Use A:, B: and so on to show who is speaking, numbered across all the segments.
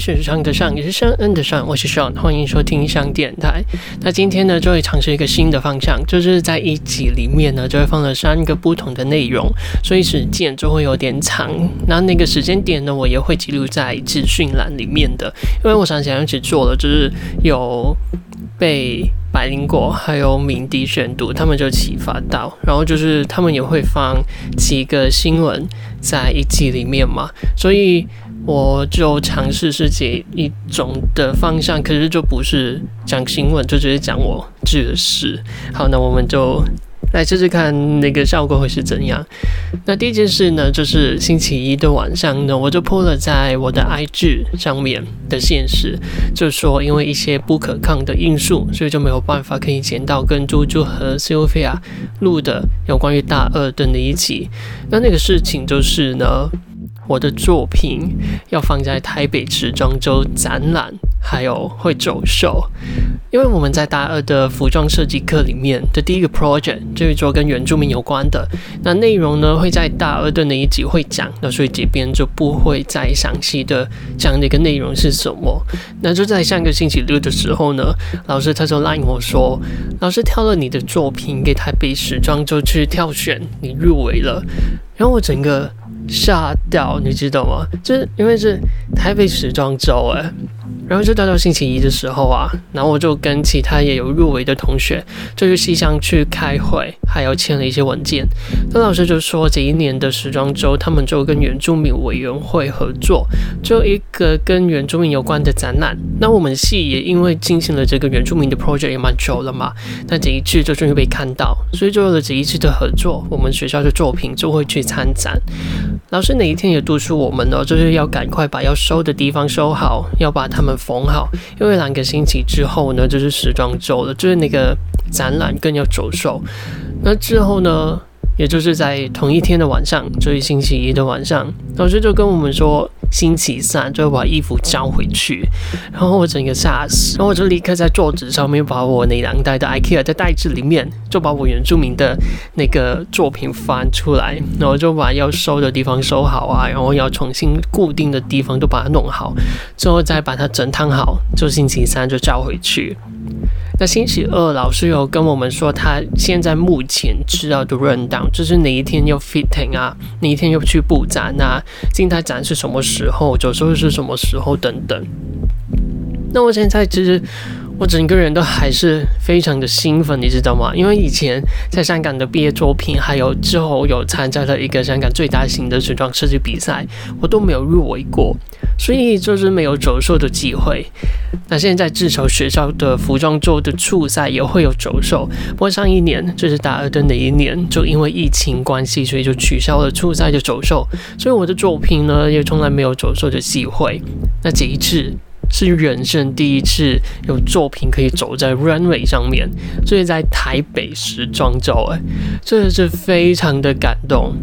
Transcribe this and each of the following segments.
A: 是上的上也是深恩的，的上，我是 Sean 歡迎收聽上電台。那今天呢，就會嘗試一個新的方向，就是在一集裡面呢，就會放了三個不同的內容，所以時間就會有點長。那那個時間點呢，我也會記錄在資訊欄裡面的。因為我想起一起做的就是有被百靈果還有鳴笛選讀，他們就啟發到，然後就是他們也會放幾個新聞在一集裡面嘛，所以。我就嘗試是解一種的方向，可是就不是講新聞，就直接講我自己的事。好，那我們就來試試看那個效果會是怎樣。那第一件事呢，就是星期一的晚上呢，我就 PO 了在我的 IG 上面的現實，就說因為一些不可抗的因素，所以就沒有辦法可以剪到跟豬豬和 Sophia 錄的有關於大二的那一集。那那個事情就是呢。我的作品要放在台北時裝週展覽，還有會走秀。因為我們在大二的服裝設計課裡面 的第一個 project 就是做跟原住民有關的。那內容呢會在大二的那一集會講。那所以這邊就不會再詳細的講那個內容是什麼。那就在上個星期六的時候呢，老師他就 line 我說，老師挑了你的作品給台北時裝週去挑選，你入圍了。然後我整個。嚇掉，你知道嗎？就是因為是台北時裝周，哎。然後就到到星期一的時候啊，然後我就跟其他也有入圍的同學，就去系上去開會，還要簽了一些文件。那老師就說這一年的時裝週，他們就跟原住民委員會合作，做一個跟原住民有關的展覽。那我們系也因為進行了這個原住民的 project 也蠻久了嘛，那這一次就終於被看到。所以就有了這一次的合作，我們學校的作品就會去參展。老師哪一天也督促我們哦，就是要趕快把要收的地方收好，要把他們。縫好，因為兩個星期之後呢，就是時裝周了，就是那個展覽更要走秀。那之後呢，也就是在同一天的晚上，就是星期一的晚上，老師就跟我們說。星期三就會把衣服交回去，然後我整個嚇死，然後我就立刻在桌子上面把我那兩袋的 IKEA 在袋子裡面，就把我原住民的那個作品翻出來，然後就把要收的地方收好啊，然後要重新固定的地方都把它弄好，最後再把它整燙好，就星期三就交回去。那星期二老師有跟我們說，他現在目前知道的 run down 就是哪一天要 fitting 啊，哪一天要去佈展啊，靜態展是什麼時。時候，就說是什麼時候等等。那我現在其實我整個人都還是非常的興奮，你知道嗎？因為以前在香港的畢業作品，還有之後有參加了一個香港最大型的時裝設計比賽，我都沒有入圍過。所以就是沒有走秀的機會。那現在至少學校的服裝周的初賽也會有走秀。不過上一年就是大二的那一年，就因為疫情關係，所以就取消了初賽的走秀。所以我的作品呢，也從來沒有走秀的機會。那這一次是人生第一次有作品可以走在 runway 上面，所以在台北時裝周，欸，真的是非常的感動。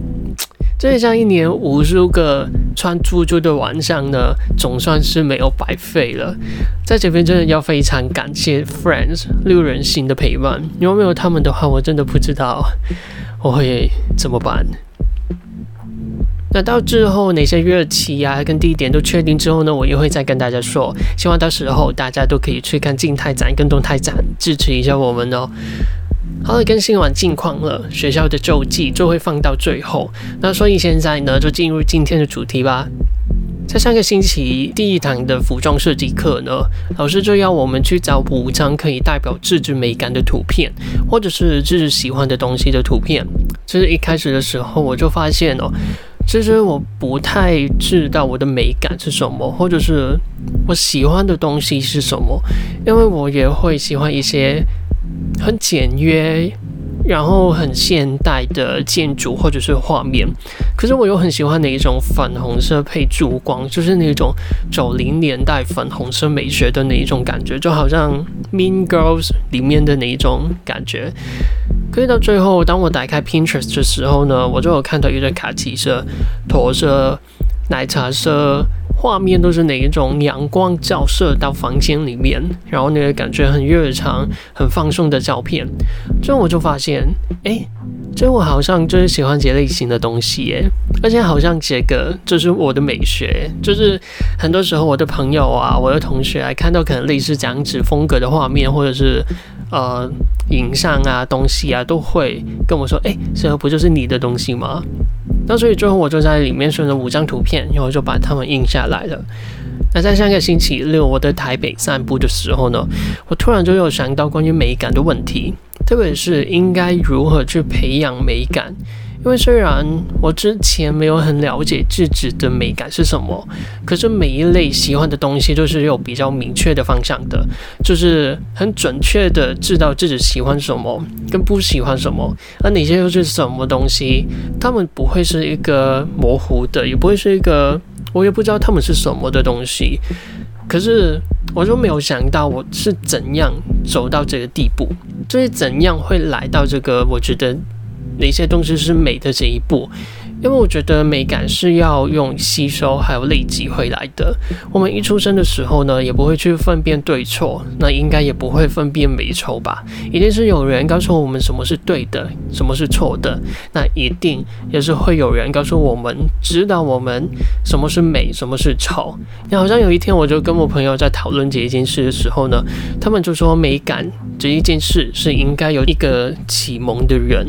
A: 這也像一年無數個穿珠珠的晚上呢，總算是沒有白費了。在這邊真的要非常感謝 Friends 六人行的陪伴，如果沒有他們的話，我真的不知道我會怎麼辦。那到之後哪些日期呀、跟地點都確定之後呢，我也會再跟大家說。希望到時候大家都可以去看靜態展跟動態展，支持一下我們哦。好了，更新完近況了。學校的週記就會放到最後。那所以現在呢，就進入今天的主題吧。在上個星期第一堂的服裝設計課呢，老師就要我們去找五張可以代表自己美感的圖片，或者是自己喜歡的東西的圖片。其、就、實、是、一開始的時候，我就發現哦、喔，其實我不太知道我的美感是什麼，或者是我喜歡的東西是什麼，因為我也會喜歡一些。很簡約，然後很現代的建築或者是畫面，可是我又很喜歡那一種粉紅色配珠光，就是那種九零年代粉紅色美學的那一種感覺，就好像 Mean Girls 裡面的那一種感覺。可是到最後，當我打開 Pinterest 的時候呢，我就有看到一個卡其色、駝色、奶茶色。畫面都是哪一種陽光照射到房間裡面，然後那個感覺很日常、很放鬆的照片。最後我就發現，哎、欸，這我好像就是喜歡這類型的東西、欸，哎，而且好像這個就是我的美學。就是很多時候我的朋友啊、我的同學啊看到可能類似這樣子風格的畫面，或者是呃影像啊東西啊，都會跟我說，哎、欸，這不就是你的東西嗎？那所以最後我就在裡面選了五張圖片，然後就把它們印下來了。那在上個星期六我在台北散步的時候呢，我突然就有想到關於美感的問題，特別是應該如何去培養美感。因為雖然我之前沒有很了解自己的美感是什麼，可是每一類喜歡的東西都是有比較明確的方向的，就是很準確的知道自己喜歡什麼跟不喜歡什麼，而哪些又是什麼東西，它們不會是一個模糊的，也不會是一個我也不知道它們是什麼的東西。可是我就沒有想到我是怎樣走到這個地步，就是怎樣會來到這個，我覺得。哪些東西是美的這一步，因為我覺得美感是要用吸收還有累積回來的。我們一出生的時候呢，也不會去分辨對錯，那應該也不會分辨美醜吧？一定是有人告訴我們什麼是對的，什麼是錯的。那一定也是會有人告訴我們，指導我們什麼是美，什麼是醜。那好像有一天，我就跟我朋友在討論這一件事的時候呢，他們就說美感這一件事是應該有一個啟蒙的人。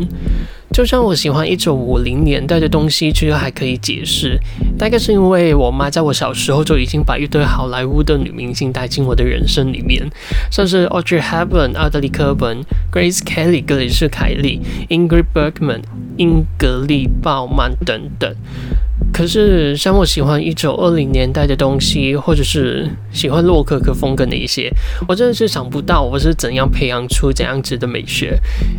A: 就像我喜歡1950年代的東西，其實還可以解釋，大概是因為我媽在我小時候就已經把一堆好萊塢的女明星帶進我的人生裡面，像是 Audrey Hepburn、奧黛麗·赫本、Grace Kelly、格蕾士·凱莉、Ingrid Bergman、英格麗·鮑曼等等。可是，像我喜歡一九二零年代的東西，或者是喜歡洛可可風格的一些，我真的是想不到我是怎樣培養出這樣子的美學。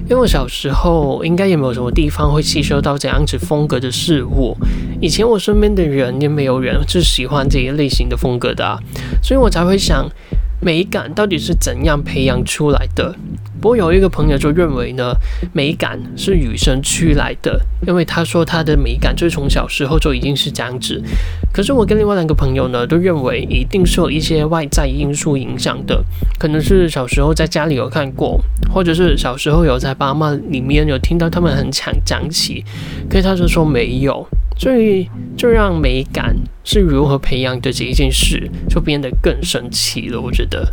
A: 因為我小時候應該也沒有什麼地方會吸收到這樣子風格的事物，以前我身邊的人也沒有人是喜歡這一類型的風格的啊，所以我才會想，美感到底是怎樣培養出來的？不過有一個朋友就認為呢，美感是與生俱來的，因為他說他的美感就是從小時候就已經是這樣子。可是我跟另外兩個朋友呢，都認為一定是有一些外在因素影響的，可能是小時候在家裡有看過，或者是小時候有在爸媽裡面有聽到他們很常講起，可是他就說沒有，所以就讓美感是如何培養的這一件事就變得更神奇了。我覺得。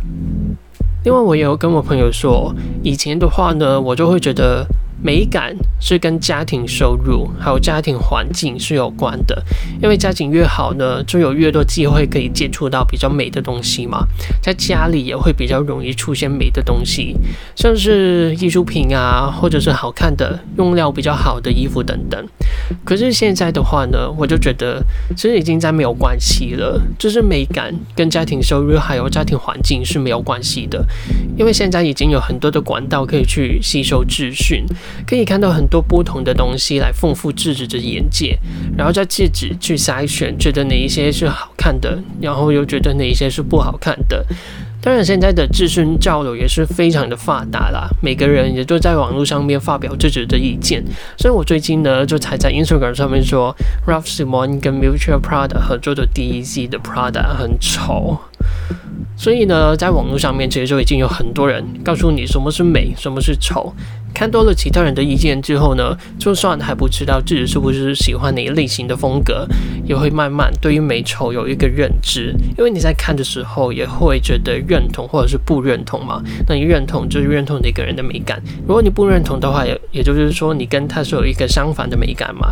A: 因為我也有跟我朋友說，以前的話呢，我就會覺得。美感是跟家庭收入還有家庭環境是有關的，因為家境越好呢，就有越多機會可以接觸到比較美的東西嘛，在家裡也會比較容易出現美的東西，像是藝術品啊，或者是好看的用料比較好的衣服等等。可是現在的話呢，我就覺得其實已經在沒有關係了，就是美感跟家庭收入還有家庭環境是沒有關係的，因為現在已經有很多的管道可以去吸收資訊。可以看到很多不同的東西來豐富自己的眼界，然後再自己去篩選，覺得哪一些是好看的，然後又覺得哪一些是不好看的。當然，現在的資訊交流也是非常的發達啦，每個人也都在網絡上面發表自己的意見。所以我最近呢，就才在 Instagram 上面說 Raf Simons 跟 Miuccia Prada 合作的第一季的 Prada 很醜。所以呢，在網絡上面其實就已經有很多人告訴你什麼是美，什麼是醜。看多了其他人的意見之後呢，就算還不知道自己是不是喜歡哪類型的風格，也會慢慢對於美醜有一個認知。因為你在看的時候也會覺得認同或者是不認同嘛。那你認同就是認同你個人的美感，如果你不認同的話，也也就是說你跟他是有一個相反的美感嘛。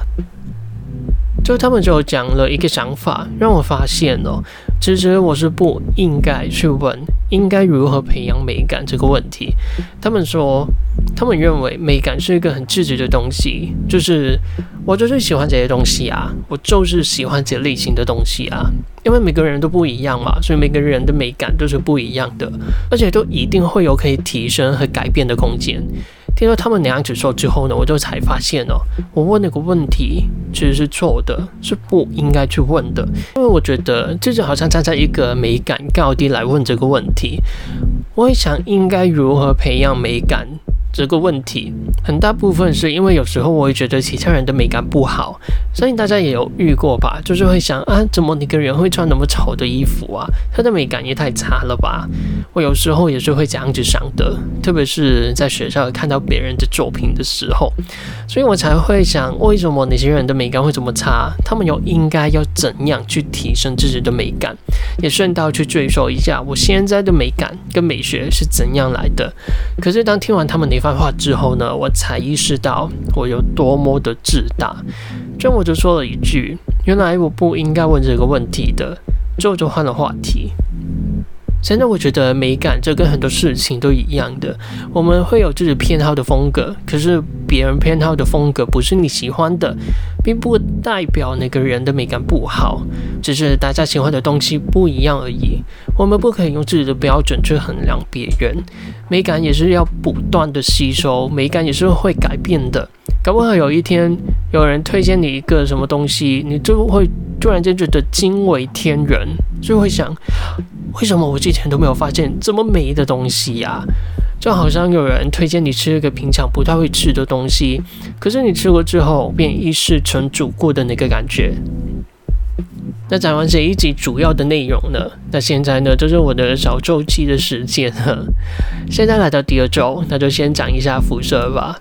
A: 就他們就講了一個想法，讓我發現哦，其實我是不應該去問應該如何培養美感這個問題。他們說。他們認為美感是一個很自覺的東西，就是我就是喜歡這些東西啊，我就是喜歡這類型的東西啊。因為每個人都不一樣嘛，所以每個人的美感都是不一樣的，而且都一定會有可以提升和改變的空間。聽到他們那樣子說之後呢，我就才發現哦，我問那個問題其實是錯的，是不應該去問的，因為我覺得這就是、好像站在一個美感高低來問這個問題。我也想應該如何培養美感。這個問題很大部分是因為有時候我會覺得其他人的美感不好，相信大家也有遇過吧，就是會想啊，怎麼那個人會穿那麼醜的衣服啊？他的美感也太差了吧？我有時候也是會這樣子想的，特別是在學校看到別人的作品的時候，所以我才會想為什麼那些人的美感會這麼差？他們又應該要怎樣去提升自己的美感？也順道去追溯一下我現在的美感跟美學是怎樣來的。可是當聽完他們的番話之後呢，我才意識到我有多麼的自大，這樣我就說了一句，原來我不應該問這個問題的，之後就換了話題。現在我覺得美感，這跟很多事情都一樣的。我們會有自己偏好的風格，可是別人偏好的風格不是你喜歡的，並不代表那個人的美感不好，只是大家喜歡的東西不一樣而已。我們不可以用自己的標準去衡量別人。美感也是要不斷的吸收，美感也是會改變的。搞不好有一天有人推薦你一個什麼東西，你就會突然間覺得驚為天人，就會想。為什麼我之前都沒有發現這麼美的東西呀、啊？就好像有人推薦你吃一個平常不太會吃的東西，可是你吃過之後便一試成主顧的那個感覺。那講完這一集主要的內容呢，那現在呢就是我的小周期的時間了。現在來到第二周，那就先講一下服飾吧。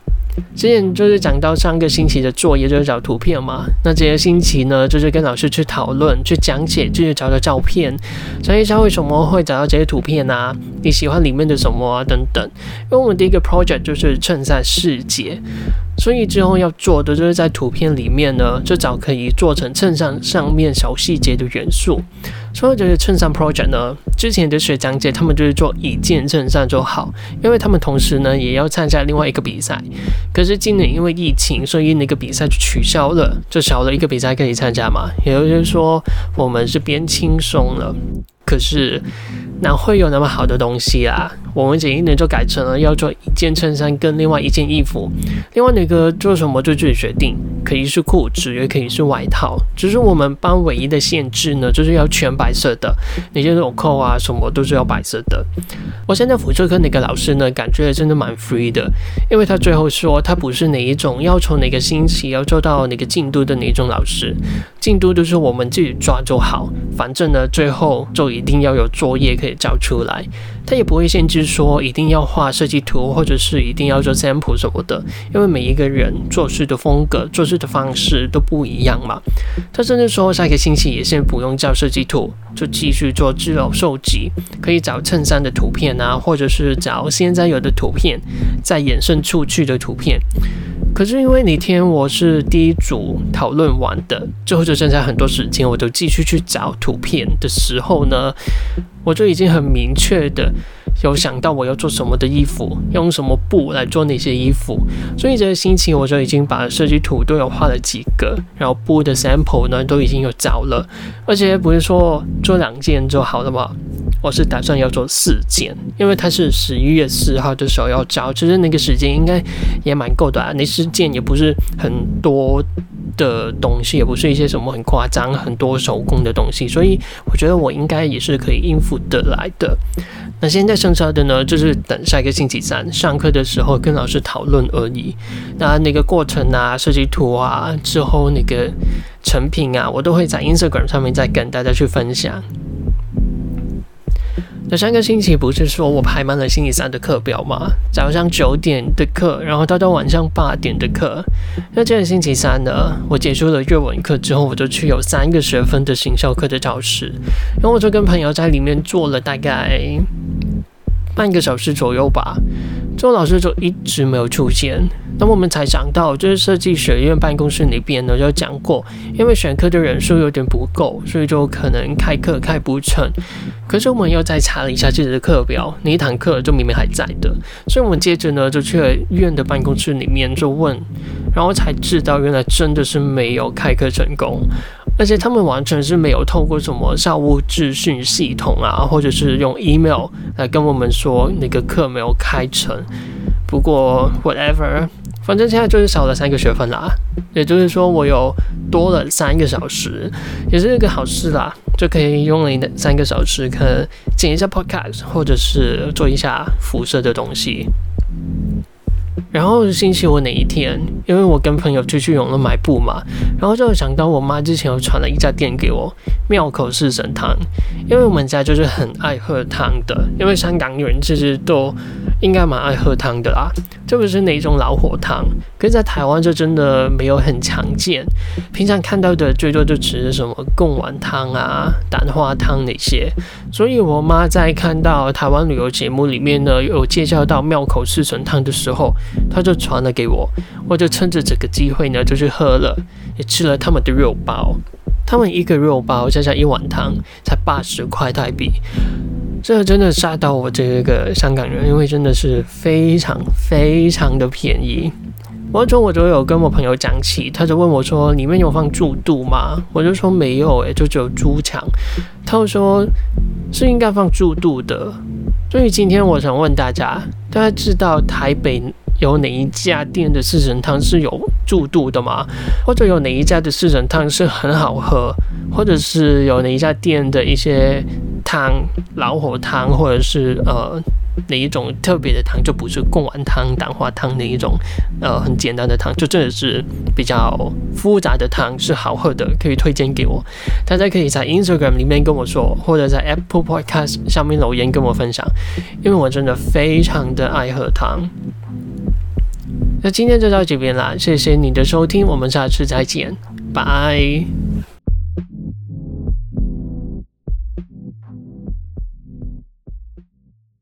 A: 之前就是講到上個星期的作業就是找圖片嘛，那這個星期呢就是跟老師去討論、去講解，就是找的照片，想一下為什麼會找到這些圖片啊？你喜歡裡面的什麼啊？等等。因為我們第一個 project 就是襯衫細節，所以之後要做的就是在圖片裡面呢，就找可以做成襯衫上面小細節的元素。說到這個襯衫 project 呢，之前的學長姐他們就是做一件襯衫做好，因為他們同時呢也要參加另外一個比賽。可是今年因為疫情，所以那個比賽就取消了，就少了一個比賽可以參加嘛。也就是說，我們是變輕鬆了。可是哪會有那麼好的東西啊？我們這一年就改成了要做一件襯衫跟另外一件衣服，另外那個做什麼就自己決定，可以是褲子，也可以是外套。只是我們班唯一的限制呢，就是要全白色的，那些紐扣啊什麼都是要白色的。我現在輔助課那個老師呢，感覺真的蠻 free 的，因為他最後說他不是哪一種要求哪個星期要做到哪個進度的那種老師，進度都是我們自己抓就好，反正呢最後就一定要有作業可以交出來。他也不會限制說一定要畫設計圖，或者是一定要做 sample 什麼的，因為每一個人做事的風格、做事的方式都不一樣嘛。他甚至說，下個星期也先不用交設計圖，就繼續做資料收集，可以找襯衫的圖片啊，或者是找現在有的圖片再衍生出去的圖片。可是因為那天我是第一組討論完的，最後就剩下很多時間，我都繼續去找圖片的時候呢，我就已經很明確的。有想到我要做什麼的衣服，用什麼布來做那些衣服，所以這個星期我就已經把設計圖都有畫了幾個，然後布的 sample 呢都已經有找了，而且不是說做兩件就好了嘛，我是打算要做四件，因為它是十一月四號的時候要找。其實那個時間應該也蠻夠的，那四件也不是很多。的東西也不是一些什麼很誇張、很多手工的東西，所以我覺得我應該也是可以應付得來的。那現在剩下的呢，就是等下一個星期三上課的時候跟老師討論而已。那那個過程啊、設計圖啊、之後那個成品啊，我都會在 Instagram 上面再跟大家去分享。那上個星期不是說我排滿了星期三的課表嗎？早上九點的課，然後到到晚上八點的課。那這個星期三呢，我結束了越文課之後，我就去有三個學分的行銷課的教室，然後我就跟朋友在裡面坐了大概半個小時左右吧。之後老師就一直沒有出現。那我們才想到，就是設計學院辦公室那邊呢就講過，因為選課的人數有點不夠，所以就可能開課開不成。可是我們又再查了一下自己的課表，那一堂課就明明還在的。所以我們接着呢就去了院的辦公室裡面就問，然後才知道原來真的是沒有開課成功，而且他們完全是沒有透過什麼校務資訊系統啊，或者是用 email 來跟我們說那個課沒有開成。不過 whatever。反正現在就是少了三個學分啦，也就是說我有多了三個小時，也是一個好事啦，就可以用你的三個小時，可剪一下 podcast，或者是做一下輻射的東西。然後星期五那一天，因為我跟朋友出去永樂買布嘛，然後就想到我媽之前有傳了一家店給我，妙口四神湯，因為我們家就是很愛喝湯的，因為香港女人其實都應該蠻愛喝湯的啦。特別是那種老火湯，跟在台灣就真的沒有很常見，平常看到的最多就只是什麼貢丸湯啊、蛋花湯那些。所以我媽在看到台灣旅遊節目裡面呢，有介紹到妙口四神湯的時候。他就傳了給我，我就趁着這個機會呢，就去喝了，也吃了他們的肉包。他們一個肉包加上一碗湯，才八十塊台幣，這真的嚇到我這個香港人，因為真的是非常非常的便宜。我中午我就有跟我朋友講起，他就問我說：“裡面有放豬肚嗎？”我就說：“沒有、欸，誒，就只有豬腸。”他就說：“是應該放豬肚的。”所以今天我想問大家，大家知道台北？有哪一家店的四神湯是有豬肚的嗎？或者有哪一家的四神湯是很好喝？或者是有哪一家店的一些湯老火湯，或者是呃哪一種特別的湯，就不是貢丸湯、蛋花湯那一種，呃很簡單的湯，就真的是比較複雜的湯是好喝的，可以推薦給我。大家可以在 Instagram 裡面跟我說，或者在 Apple Podcast 上面留言跟我分享，因為我真的非常的愛喝湯。那今天就到這邊啦，謝謝你的收聽，我們下次再見，拜。